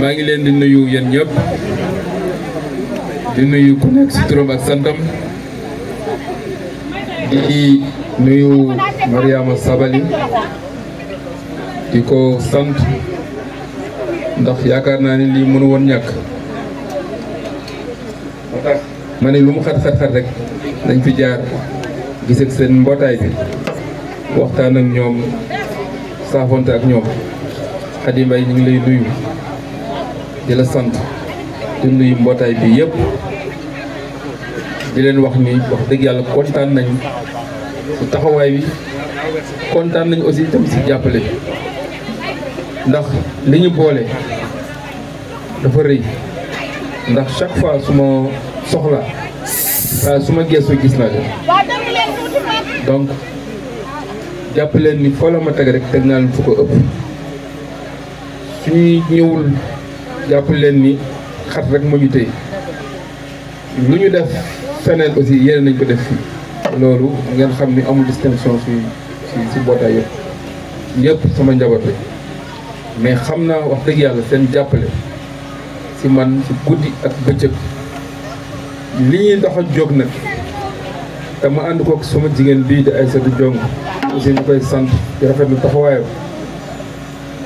maa ngi leen di nuyu yéen ñëpp di nuyu ku nekk ci ak santam di nuyu Mariama Sabali di ko sant ndax yaakaar naa ni lii mënu woon ñàkk moo tax lu mu xat xat xat rek dañ fi jaar gis ak seen mbootaay bi waxtaan ak ñoom saafonte ak ñoom Xadi Mbay ñu ngi lay nuyu di la sant di nuyu mbootaay bi yëpp di leen wax ni wax dëgg yàlla kontaan nañu ci taxawaay bi kontaan nañ aussi tam si jàppale ndax li ñu boole dafa rëy ndax chaque fois suma soxla saa suma ma geesu gis naa leen donc jàpp leen ni foo la ma teg rek teg naa fu ko ëpp suñuy ñëwul jàpp leen ni xat rek moo ñu tey lu ñu def feneen aussi yeneen nañ ko def fii loolu ngeen xam ni amul distinction si si si mbootaay yëpp yëpp sama njaboot bi mais xam naa wax dëgg yàlla seen jàppale si man si guddi ak bëccëg li ñuy dox a jóg nag te ma ànd kook sama jigéen bii di Aïssatou Diong aussi ñu koy sant rafet rafetlu taxawaayam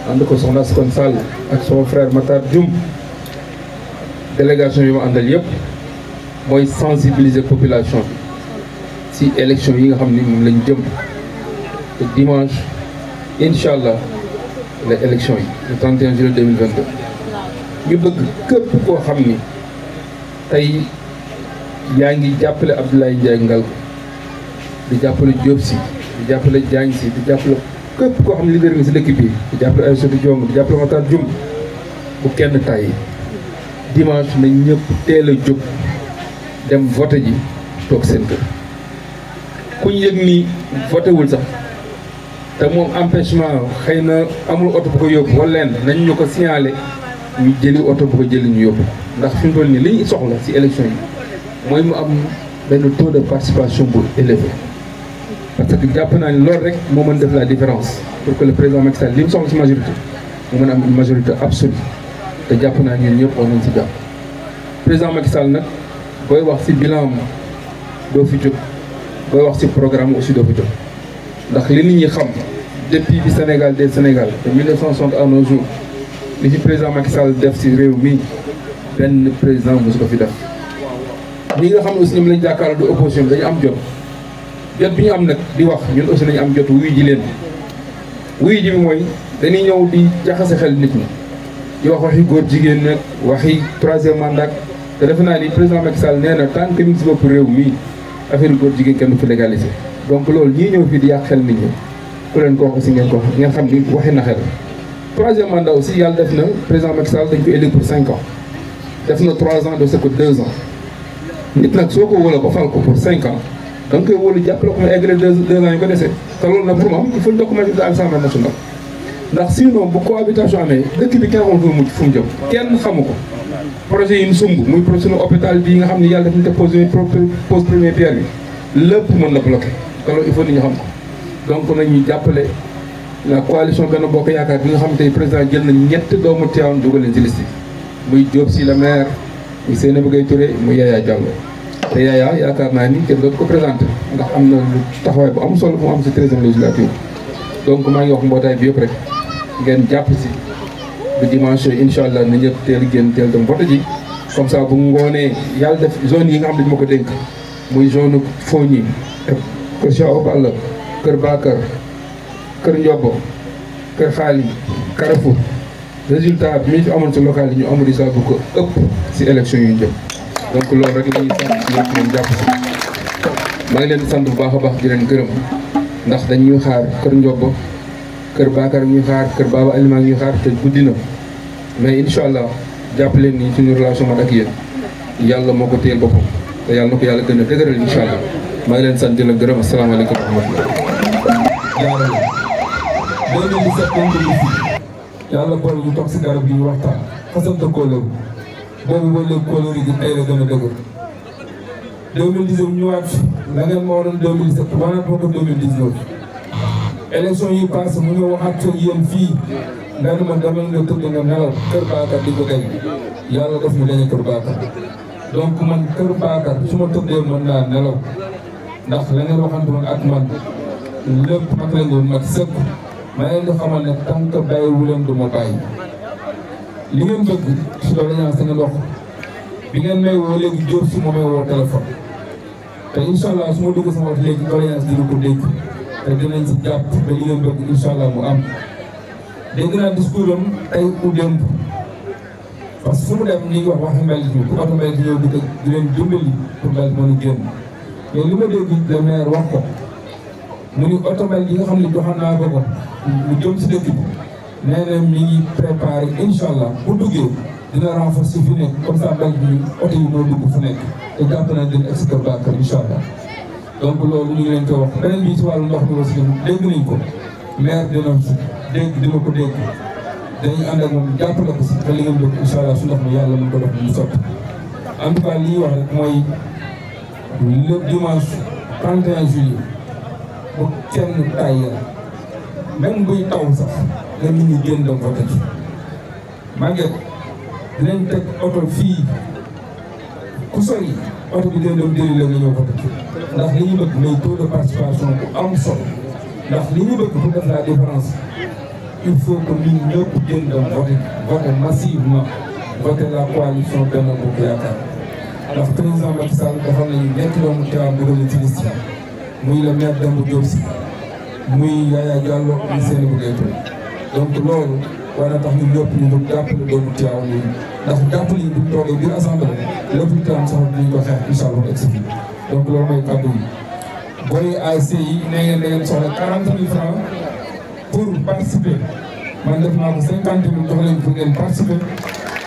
ànd ko soxna kon Sall ak sama frère Matar Dioum délégation yi ma àndal yëpp mooy sensibiliser population bi si élection yi nga xam ni moom lañ jëm te dimanche incha allah les élections yi le 31 juillet 2022 ñu bëgg képp koo xam ni tey yaa ngi jàppale Abdoulaye Ndiaye Ngalgou di jàppale Diop si di jàppale Diagne si di jàppale képp ko xam ne leader nga si dëkk bi di jàppale ay sëtu jom di jàppale Matar Jum bu kenn tay dimanche nañ ñëpp teel a jóg dem vote ji toog seen kër ku ñu yëg ni voté wul sax te moom empêchement xëy na amul oto bu ko yóbbu wala leen nañ ñu ko signalé ñu jëli oto bu ko jëli ñu yóbbu ndax fi mu toll nii li ñu soxla si élection yi mooy mu am benn taux de participation bu élevé. parce que jàpp naa ne rek moo mën def la différence pour que le président Macky Sall li mu soxla ci majorité mu mën a am majorité absolue te jàpp naa ñun ñëpp war nañ ci jàpp président Macky Sall nag booy wax ci bilan doo fi jóg booy wax ci programme aussi doo fi jóg ndax li nit ñi xam depuis bi Sénégal des Sénégal de 1960 à nos jours li ci président Macky Sall def ci réew mi benn président mosu ko fi def ñi nga xam ne aussi ñoom lañ jàkkaarloo du opposition dañu am jot jot bi ñu am nag di wax ñun aussi nañu am jot wuy ji leen wuy ji bi mooy dañuy ñëw di jaxase xel nit ñi di wax waxi góor jigéen nag waxi troisième mandat te defe naa ni président Macky Sall nee na tant que mi ngi réew mii affaire góor jigéen kenn du fi légalisé donc loolu ñëw fii di yàq xel nit leen ko wax ngeen ko ngeen xam ni waxi na xel troisième mandat aussi yàlla def na président Macky Sall dañ ko élu na trois ans de ce que deux ans nag soo ko wala ba fal ko pour cinq ans da nga koy wóolu jàppale ko mu eggale deux ko dese te loolu nag pour il faut documenter à l'Assemblée ndax sinon bu cohabitation amee dëkk bi kenn xamul fu mu fu mu jëm kenn xamu ko projet yi ñu sumb muy projet suñu hôpital bii nga xam ne yàlla daf ñu te pose première pierre bi lépp mën na bloqué te loolu il faut nit ñu xam ko donc nañu jàppale la coalition Benno Bokk Yaakaar bi nga xam tey président jël na ñett doomu Tivaouane dugal leen ci liste muy Diop Sy la maire muy Seynabou Gaye Touré muy Yaya Diallo te yaakaar naa ni kenn doot ko présenté ndax am na lu taxawaay bu am solo bu am si treizième législature donc maa ngi wax mbootaay bi yëpp rek ngeen jàpp si bu dimanche incha allah na ñëpp teel génn teel dem vote ji comme ça bu ngoonee yàlla def zone yi nga xam ne ñu ma ko dénk muy zone Fogny kër Cheikh Awa Balla kër Bakar kër Ndiobo kër Xaali Carrefour résultat bi fi amoon si local yi ñu amul di saa ko ëpp si élection yu jëm donc loolu rek la ñuy sant ñoom jàpp si maa ngi leen sant bu baax a baax di gërëm ndax dañ ñuy xaar kër Ndiobo kër Bakar ñuy xaar kër Baba Alima ñuy xaar te guddi na mais incha allah jàpp leen ni suñu relation man ak yéen yàlla moo ko téyel boppam te yàlla na ko yàlla gën a dëgëral incha allah ngi leen sant di leen gërëm asalaamaaleykum wa rahmatulah. yàlla boole ñu toog boobu ba léegi kóolóor gi tey la gën a dëgër. 2019 ñëwaat la ngeen ma waroon 2017 wanaat ma ko 2019. élection yi mu ñëw waxaat ak yéen fii nga ne ma demal nga tëdd nga nelaw Kër Bakar di ko gañ yàlla def mu dañu Kër Bakar donc man Kër Bakar su ma tëddee mën naa nelaw ndax la ngeen waxante woon ak man lépp ak la ngeen mat sëkk ma leen di xamal ne tant que bàyyiwu leen du ma bàyyi. li ngeen bëgg loolu la ñu wax ngeen wax bi ngeen may woo léegi Diop si moo may woo téléphone te incha allah su ma dugg sama wax léegi doléance dina ko dégg te dinañ si jàpp ba li ngeen bëgg incha allah mu am. dégg naa discours am tey ku démb parce que fu mu dem ko di leen dimbali pour li ma dégg le maire wax ko mu ni oto mbalit yi nga xam ne joxoon naa ko ko mu jëm si dëkk bi. nee na mi ngi allah bu duggee dina renforcer fi nekk comme ça mbéy mi oto yi moo dugg fu nekk te jàpp naa dina egsi kër Bakar incha allah donc loolu ñu ngi leen ko wax beneen bi ci wàllu ndox mi aussi dégg nañ ko maire dina dégg dina ko dégg dañuy ànd ak moom jàppale ko si te li ngeen bëgg su ndox mi yàlla mën ko def mu sotti en tout cas li wax rek mooy le dimanche 31 juillet bu kenn tàyyal même buy taw sax. la nit ñi génn dem voté ji maa ngi ko dinañ teg oto fii ku sori oto bi dinañ dem déroulé nga ñëw voté ji ndax li ñu bëgg mooy taux de participation bu am solo ndax li ñu bëgg pour def la différence il faut que ñun ñëpp génn dem voté voté massivement voté la coalition Benno Bokk Yaakaar ndax président Macky Sall dafa nañu ñetti doomu Tivaouane dugal ci liste muy le maire Demba Diop Sy muy Yaya Diallo ak Seynabou Gueye donc loolu war na tax ñun ñëpp ñu doon jàppale doomu Tiwaawan yi ndax jàppale yi bu ñu toogee biir assemblée lépp lu taam sax dinañ ko xeex incha allah loolu mooy kàddu yi. booy ASC yi nee ngeen da ngeen soxla pour participer man def naa ko cinquante mille jox leen pour ngeen participer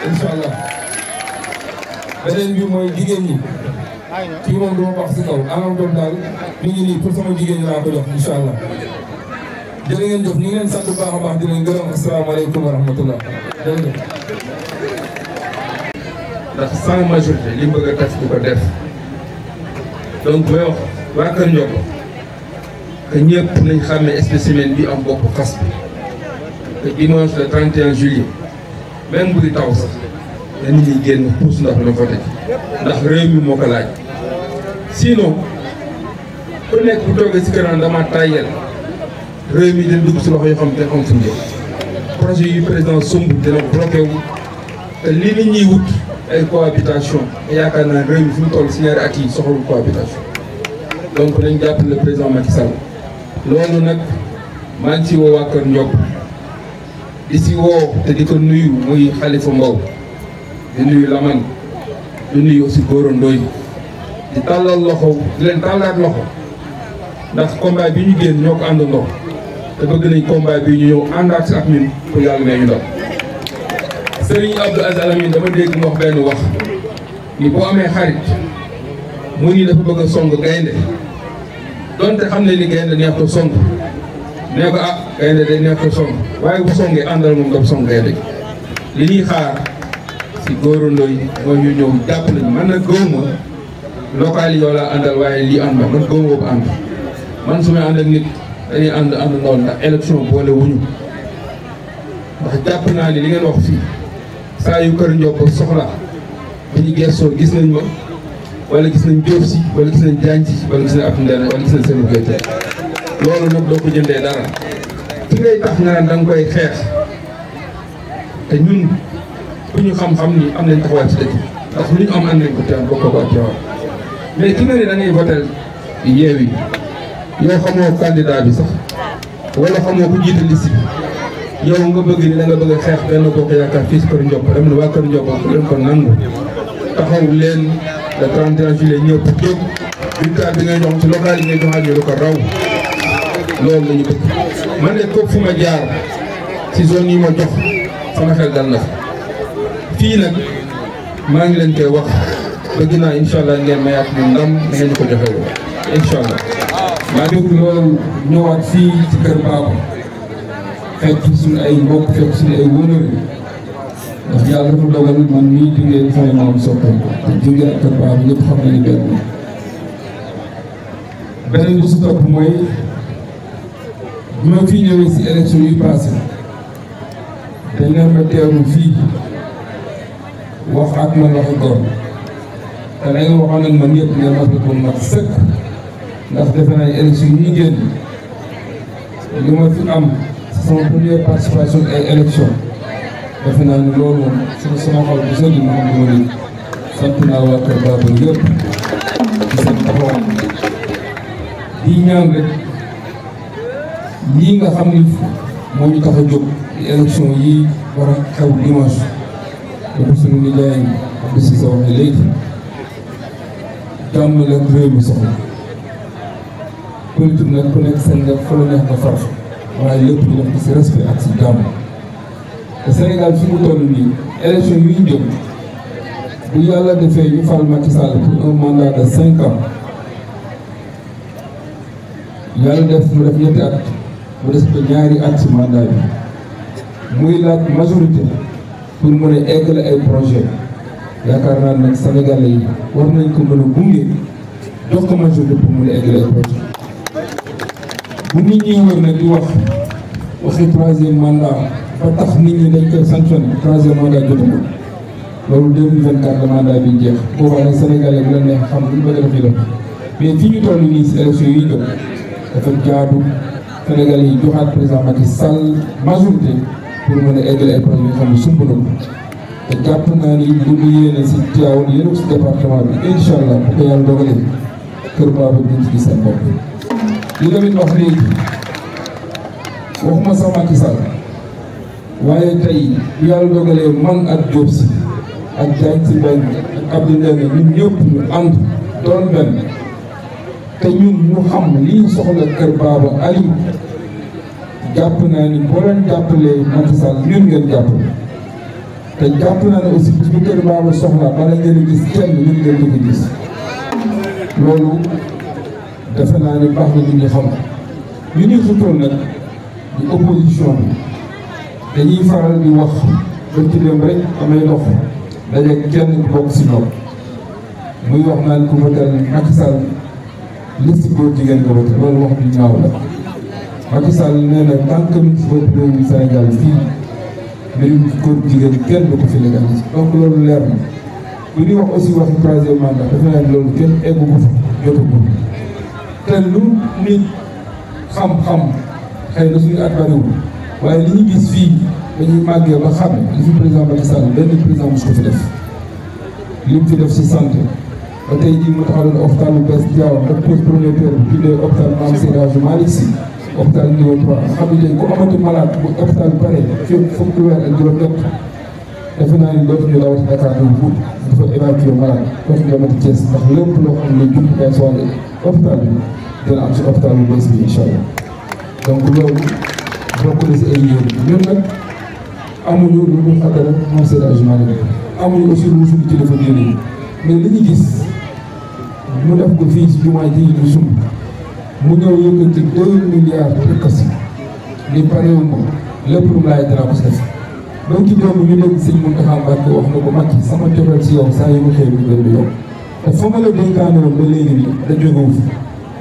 incha allah beneen bi mooy jigéen ñi. kii moom du ma wax si kaw alam doon daal ñu ngi nii pour sama jigéen ñi laa ko jox incha jërë ngeen jëf ñu ngi leen sant bu baax baax di leen gërëm asalaamaaleykum wa rahmatullah jërëjëf li bëgg a tas du ko def donc may wax waa Kër Ndioko que ñëpp nañ xàmmee spécimen bi am bopp fas bi que dimanche le 31 juillet même bu di taw sax dañ ñuy génn puus ndox na voté ndax réew mi moo ko laaj sinon ku nekk bu toogee si kanam dama tàyyel réew mi dina dugg si loxo yoo xam te am fu ñu projet yu président sumb dina bloqué wu te li nit ñuy wut ay cohabitation yaakaar naa réew mi fu mu toll si ñaari at yi soxlawul cohabitation donc nañ jàppale président Macky Sall loolu nag maa ngi si woo waa di si woo te di ko nuyu muy Khalifa Mbow di nuyu Lamane di nuyu aussi Goro Ndoye di tàllal loxo di leen tàllaat loxo ndax combat bi ñu génn ñoo ko àndandoo te bëgg nañ combat bi ñu ñëw àndaat si ak ñun pour yàlla may ñu doon. Serigne Abdou Aziz Al dama dégg mu wax benn wax ni boo amee xarit mu ni dafa bëgg a song gaynde donte xam ne ni gaynde neexul song nee ko ah gaynde day neexul song waaye bu songee àndal moom daf song gaynde li ñuy xaar si góorandoo yi ñu ñëw jàpp nañu man nag góob ma local yi yow laa àndal waaye lii ànd ma man góob boobu ànd. man su may ànd ak nit dañuy ànd ànd noonu ndax élection boole wuñu ndax jàpp naa ni li ngeen wax fii saa yu kër Ndiob soxla bu ñu gëstoo gis nañ ma wala gis nañ Diop si wala gis nañ Diagne si wala gis nañ Abdou Ndéné wala gis nañ loolu ko jëndee dara ki ngay tax nga naan koy xeex te ñun bu ñu xam-xam ni am nañ taxawaay ci dëkk ndax lu ñu am ànd nañ ko teewaat ko ak ki nga ne da ngay voté yow xamoo candidat bi sax wala xamoo ku jiite liste yow nga bëgg ni da bëgg a xeex benn bokk yaakaar fii si kër Ndiop dem na waa kër Ndiop leen ko nangu taxaw leen le 31 juillet ñëpp jóg bulletin bi ngay jox ci local yi ngay joxaat ñu lu ko raw loolu la ñu bëgg man de képp fu jaar ci zone yi ma jox sama xel dal na fa fii nag maa ngi leen koy wax bëgg naa incha allah ngeen mayaat ñu ndam ngeen ñu ko joxe woon ma déglu loolu ñëwaat fii ci kër Baba fekk suñu ay mbokk fekk suñu ay wënër ndax yàlla dafa dogal man mii jógee fay maam soppam te jógee ak kër Baba ñëpp xam nañu benn beneen si topp mooy bi ma fi ñëwee si élection yu passé dañ leen ma teeru fii wax ak man waxi góor te léegi waxoon nañ ma ñëpp ne ma ko mat sëkk ndax defe naa élection yi ma fi am sama première participation ay élection naa ni loolu moom sama xol bu sedd ma xam ne naa waa Kër Baabal yëpp ci seen di ñaan rek lii nga xam ni moo ñu tax a jóg élection yi war a xew dimanche dafa suñu nijaay politique nag ku nekk Sénégal fa la neex nga faratu waaye lépp ñu te Sénégal fi mu toll nii élection yi ñu bu yàlla defee ñu fal Macky Sall pour un mandat de cinq yàlla def mu def ñetti at mu des ko ñaari at si mandat bi muy laaj majorité pour mën a eggale ay projet yaakaar naa nag Sénégalais yi war nañ ko mën gunge jox ko majorité pour mën a eggale ay projet bu nit ñi wër nag di wax waxi troisième mandat ba tax nit ñi dañ koy sanctionné troisième mandat jotagul loolu 2024 mandat bi jeex boobaa nag sénégalais bu la neex xam lu bëgg def ñu def mais fii ñu toll nii si élection yi jot dafa jaadu sénégalais yi joxaat président Macky Sall majorité pour mën a eggale ay yi xam ne sumb na ko te jàpp naa ni lu mu yéene si Tivaouane yéen si département bi incha allah bu ko yàlla dogalee kër Babacar Diouf di seen bopp. li Lamine wax léegi waxuma sax Macky waaye tey bu yàlla dogalee man ak Diop si ak Diagne si benn ak Abdou Ndéné ñun ñëpp ñu ànd doon benn te ñun ñu xam lii soxla kër Baba Ali jàpp naa ni boo leen jàppalee Macky Sall ñun ngeen jàppale te jàpp naa ne aussi bu kër Baba soxla bala ngeen a gis kenn ñun ngeen di gis loolu. defe naa ne baax na nit ñi xam ñu ñuy xëccoo nag di opposition bi dañuy faral di wax ba ci dem rek damay dox daje kenn bokk si ñoom muy wax naan ku votel Macky Sall liste góor jigéen nga voté loolu wax du ñaaw la Macky Sall nee na tant que mi ci bopp réew mi Sénégal fii ko loolu leer na bu ñuy wax aussi waxi troisième mandat dafa naan loolu kenn eggu ko fa jotu te lu nit xam-xam xëy na suñu waaye li ñu gis fii dañuy màggee ba xam li fi président Macky Sall benn président mos ko fi def li mu fi def ci santé ba tey jii mu taxawal hôpital bu bees Diaw ak pose première pierre bu tuddee hôpital Mame Seydi Hadji xam nga tey ku amati malade bu hôpital bu weer ak juróom-ñett defe naa ni dootuñu la wax Dakar bu dafa évacuer malade dootuñu amati Thiès ndax lépp loo xam ne jumtukaay soxla hôpital bi dina am si hôpital bu bees bi incha allah donc loolu bokk na si ay yéen ñun nag amuñu lu mu àggale moom seen agement la amuñu aussi lu mu suñu téléphone yéen mais li ñu gis mu def ko fii si jumaa ji ñu sumb mu ñëw yëkkati deux milliards de kasi li pareewul moom lépp lu mu laaj dara ko si def donc ci doom ñu dégg sëñ Mountakha wax na ko Macky sama cofeel si yow saa yu ma xëy mu gën te fa ma la dénkaane woon ba léegi nii da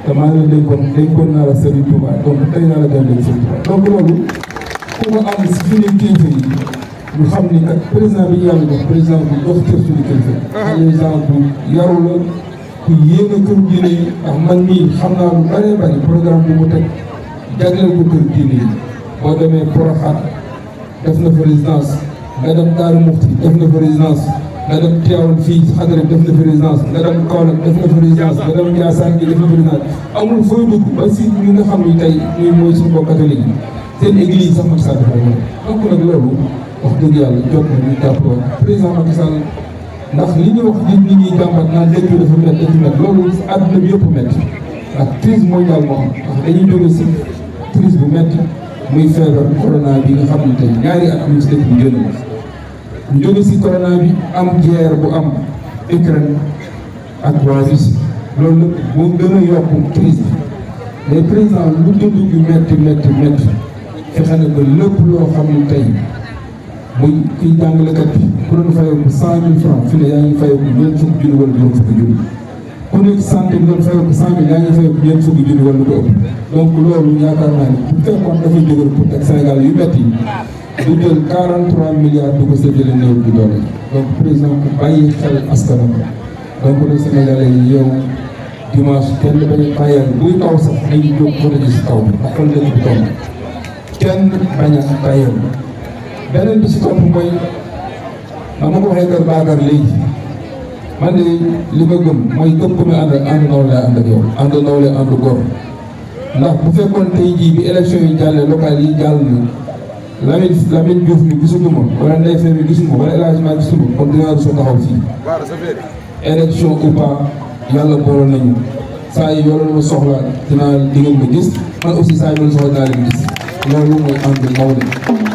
te maa ngi la dénkoon dénkoon naa la Serigne Touba donc tey naa la gàllankoor Serigne Touba donc loolu ku ko am si fi nii kilifa yi xam ni ak président bi ñu yàlla jox président bu dox cër suñu bu yaru la ku yéene kër diine yi man mii xam naa lu bëree programme bu mu teg jagleel ko kër diine boo demee Porokhane def na fa résidence nga dem Daaru Muxti def na fa résidence nga dem teewal fii xadara def na fi résidence nga dem Kaolack def na fi nga amul fooy dugg ba si ñi nga xam ni tey ñuy mooy suñu mbokk catholique yi seen église sax Macky Sall moom dëgg yàlla jot na ñu jàpp président Macky ndax li ñuy wax li ñuy jàmbat naan dëkk bi dafa mel dafa mel loolu àdduna bi yëpp métti ak crise mondiale moo xam ndax dañuy jóge si crise bu métti muy feebar corona bi nga xam ne tey ñaari at am si dëkk bi génn ñu jóge si corona bi am guerre bu am Ukraine ak waa Russie loolu lépp moo gën a yokk crise bi les présidents lu dund yu métti métti métti fexe na ba lépp loo xam ne tey muy kuy jàngalekat bi ku doon fayeeku cent mille francs fi ne yaa ngi fayeeku ñeent fukk junni wala juróom fukk junni ku nekk santé bi doon fay ko cent mille yaa ngi fay ko ñeent fukki ko ëpp donc loolu yaakaar naa ni bu fekkoon dafay jógal pour teg Sénégal yu métti du jël 43 du ko séddale néew bi doole donc président ku bàyyi xel askanam donc le Sénégalais yi yow dimanche kenn bañ a tayal buy taw sax dañuy jóg mën a gis taw ndax fan lañ ko toll kenn bañ a tayal beneen bi si topp mooy dama ko waxee kër Bakar man de li ma gëm mooy képp ku muy ànd ak ànd ndaw lay ànd góor ndax bu fekkoon tey jii bi élection yi jàllee local yi jàll na Lamine Lamine Diouf mi gisuma wala Ndeye Fer mi gisuma wala El Hadj Malick gisuma yàlla boole nañu saa yi yoroon ma soxla dinaa di ngeen ma man aussi saa yi ma soxla dinaa leen gis loolu mooy ànd ndaw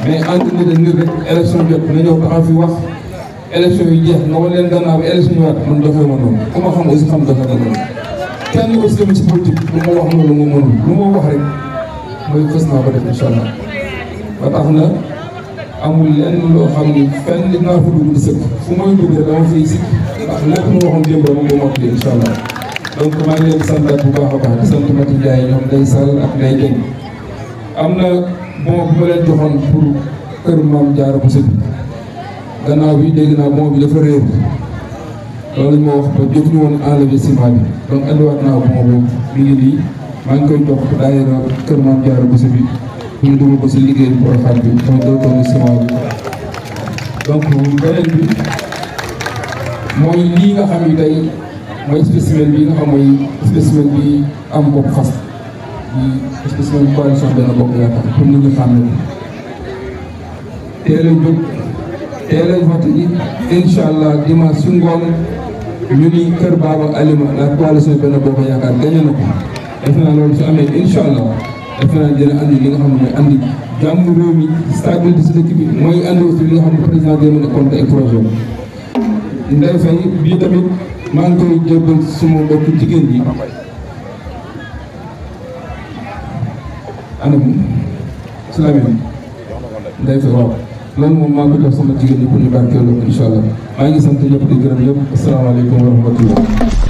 mais ànd na de nii rek élection jot na ñëw taxaw fi wax. élection yu jeex nga wan leen gannaaw bi élection ñëwaat man doxee ma noonu ku ma xam aussi xam doxee ma noonu kenn aussi lu ma wax rek mooy fës naa ko def incha allah ba na amul lenn loo xam ni fenn naa fa dugg di fu may dugg rek dama fiy sikk ndax lépp lu ma waxoon démb rek moom moo incha allah leen di bu baax a baax di sant Mati ñoom day sal ak day dégg am na bon bu ma leen joxoon pour kër maam Diarra Bousso bi. gannaaw bi dégg naa bon dafa réer loolu lañ ma wax ba jotuñu ñu dugal ko si bi Porokhane bi mooy deux tonnes ciment bi donc beneen bi nga xam ni tey mooy spécimen bi nga xam mooy spécimen bi am bopp fas di bi coalition benn bopp yaakaar pour nit ñi xam ne teel a jóg teel a voté ji incha allah dimanche su ngoon ñu ni Kër Baba Alima la coalition Benno Bokk Yaakaar gañe na ko defe naa loolu su amee incha allah defe naa dina andi li nga xam ne mooy andi mi stabilité si dëkk bi mooy andi aussi li nga xam ne président day mën a projet bii tamit maa ngi koy jébbal suma mbokku jigéen ñi. anam salaamaaleykum Ndeye Faye waaw. loolu moom maa ko jox sama jigéen ñi pour ñu barkeeloo incha allah maa ngi sant ñëpp di gërëm ñëpp asalaamaaleykum wa rahmatullah